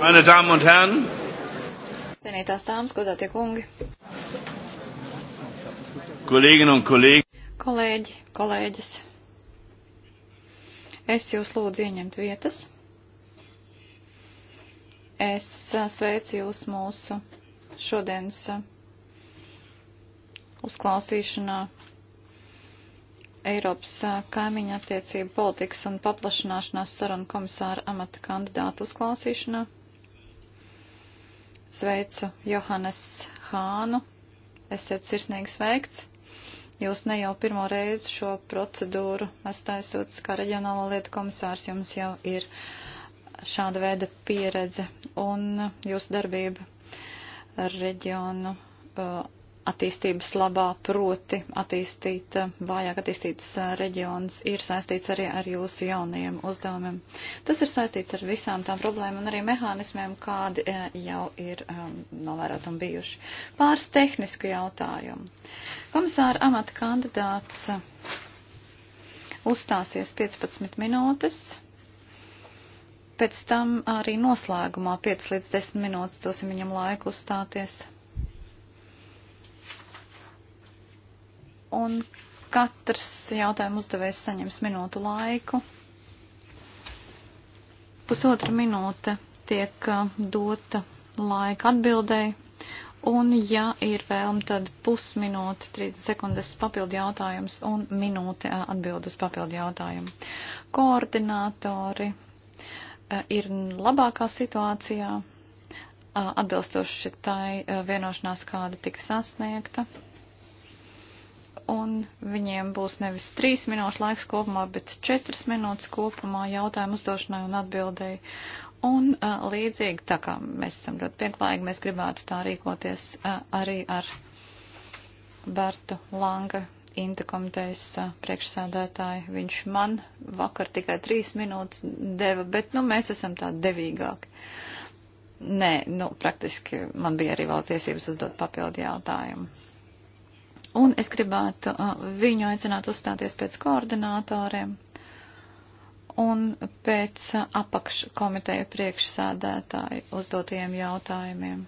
Meine Damen und Herren, Cienītās dāmas, godātie kungi, Kolēģinnen un Kollegen, kolēģi, kolēģis, es jūs lūdzu ieņemt vietas. Es sveicu jūs mūsu šodienas uzklausīšanā Eiropas kaimiņa attiecību politikas un paplašanāšanās sarunu komisāra amata kandidātu uzklausīšanā. Sveicu Johannes Hānu. Esiet sirsnīgi sveikts. Jūs ne jau pirmo reizi šo procedūru esat aizsūtis kā reģionālo lietu komisārs, jums jau ir šāda veida pieredze un jūsu darbība reģionu uh, attīstības labā, proti attīstīt eh, vājāk attīstītas eh, reģionas, ir saistīts arī ar jūsu jaunajiem uzdevumiem. Tas ir saistīts ar visām tām problēmām un arī mehānismiem, kādi eh, jau ir um, novērot un bijuši. Pāris tehnisku jautājumu. Komisāra amata kandidāts uzstāsies 15 minūtes pēc tam arī noslēgumā 5 līdz 10 minūtes dosim viņam laiku uzstāties. un katrs jautājumu uzdevējs saņems minūtu laiku. Pusotra minūte tiek uh, dota laika atbildēji, un ja ir vēlme, tad pusminūte, 30 sekundes papildu jautājums un minūte uh, atbild uz papildu jautājumu. Koordinātori uh, ir labākā situācijā, atbilstoši tai vienošanās, kāda tika sasniegta un viņiem būs nevis trīs minūšu laiks kopumā, bet četras minūtes kopumā jautājumu uzdošanai un atbildēji. Un uh, līdzīgi, tā kā mēs esam ļoti pieklājīgi, mēs gribētu tā rīkoties uh, arī ar Bertu Langa, Inta komitejas uh, priekšsēdētāju. Viņš man vakar tikai trīs minūtes deva, bet nu, mēs esam tā devīgāki. Nē, nu, praktiski man bija arī vēl tiesības uzdot papildu jautājumu. Un es gribētu uh, viņu aicināt uzstāties pēc koordinātoriem un pēc uh, apakškomiteju priekšsādētāju uzdotajiem jautājumiem.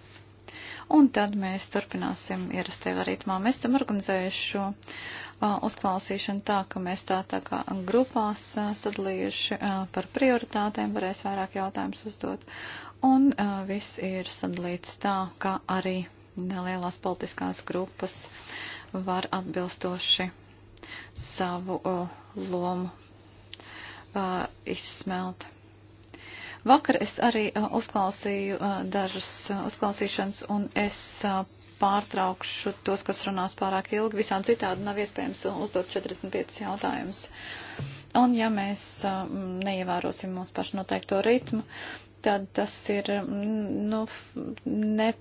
Un tad mēs turpināsim ierastajā ritmā. Mēs esam organizējuši šo uh, uzklausīšanu tā, ka mēs tā tā kā grupās sadalījuši par prioritātēm, varēs vairāk jautājumus uzdot. Un viss ir sadalīts tā, ka arī nelielās politiskās grupas uh, var atbilstoši savu o, lomu o, izsmelt. Vakar es arī uzklausīju dažas uzklausīšanas, un es pārtraukšu tos, kas runās pārāk ilgi. Visā citādi nav iespējams uzdot 45 jautājumus. Un ja mēs neievērosim mūsu pašu noteikto ritmu, tad tas ir nu, ne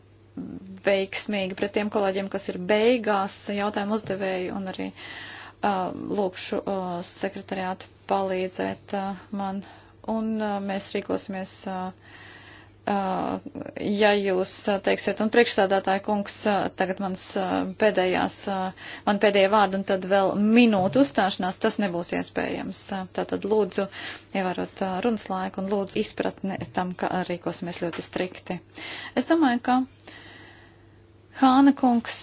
veiksmīgi pret tiem kolēģiem, kas ir beigās jautājumu uzdevēju un arī uh, lūkšu uh, sekretariātu palīdzēt uh, man. Un uh, mēs rīkosimies. Uh, Uh, ja jūs uh, teiksiet, un priekšstādātāja kungs, uh, tagad mans pēdējās, man pēdējie vārdi un tad vēl minūtu uzstāšanās, tas nebūs iespējams. Tātad lūdzu, ievarot runas laiku un lūdzu izpratni tam, ka rīkosimies ļoti strikti. Es domāju, ka Hāna kungs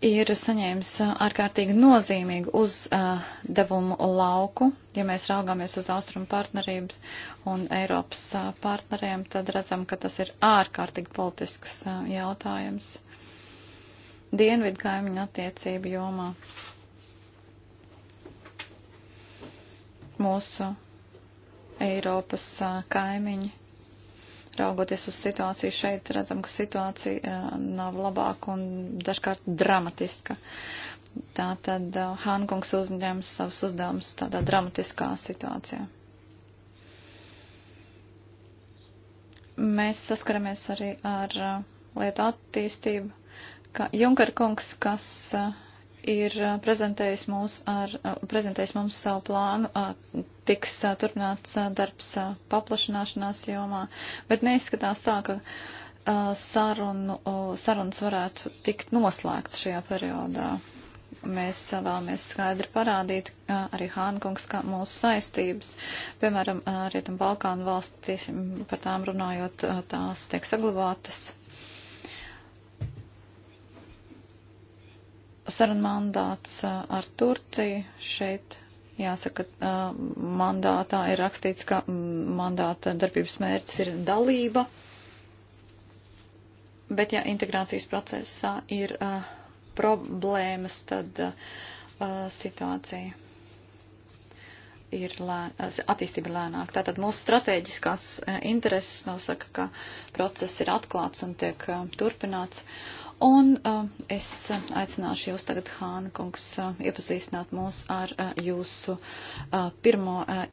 ir saņēmis ārkārtīgi nozīmīgu uzdevumu lauku. Ja mēs raugāmies uz austrumu partnerību un Eiropas partneriem, tad redzam, ka tas ir ārkārtīgi politisks jautājums dienvidu kaimiņu attiecību jomā. Mūsu Eiropas kaimiņi Raugoties uz situāciju šeit, redzam, ka situācija e, nav labāka un dažkārt dramatiska. Tātad e, Hankungs uzņēma savus uzdevumus tādā dramatiskā situācijā. Mēs saskaramies arī ar e, lietu attīstību, ka Junkar kungs, kas uh, ir prezentējis, mūs ar, prezentējis mums savu plānu, tiks turpināts darbs paplašanāšanās jomā, bet neizskatās tā, ka sarunu, sarunas varētu tikt noslēgt šajā periodā. Mēs vēlamies skaidri parādīt arī Hānkungs, kā mūsu saistības, piemēram, Rietum Balkānu valstis, par tām runājot, tās tiek saglabātas saruna mandāts ar Turciju šeit. Jāsaka, mandātā ir rakstīts, ka mandāta darbības mērķis ir dalība, bet ja integrācijas procesā ir problēmas, tad situācija ir lēn, attīstība ir lēnāka. Tātad mūsu strateģiskās eh, intereses nosaka, ka process ir atklāts un tiek eh, turpināts. Un eh, es aicināšu jūs tagad, Hāna kungs, iepazīstināt mūs ar jūsu pirmo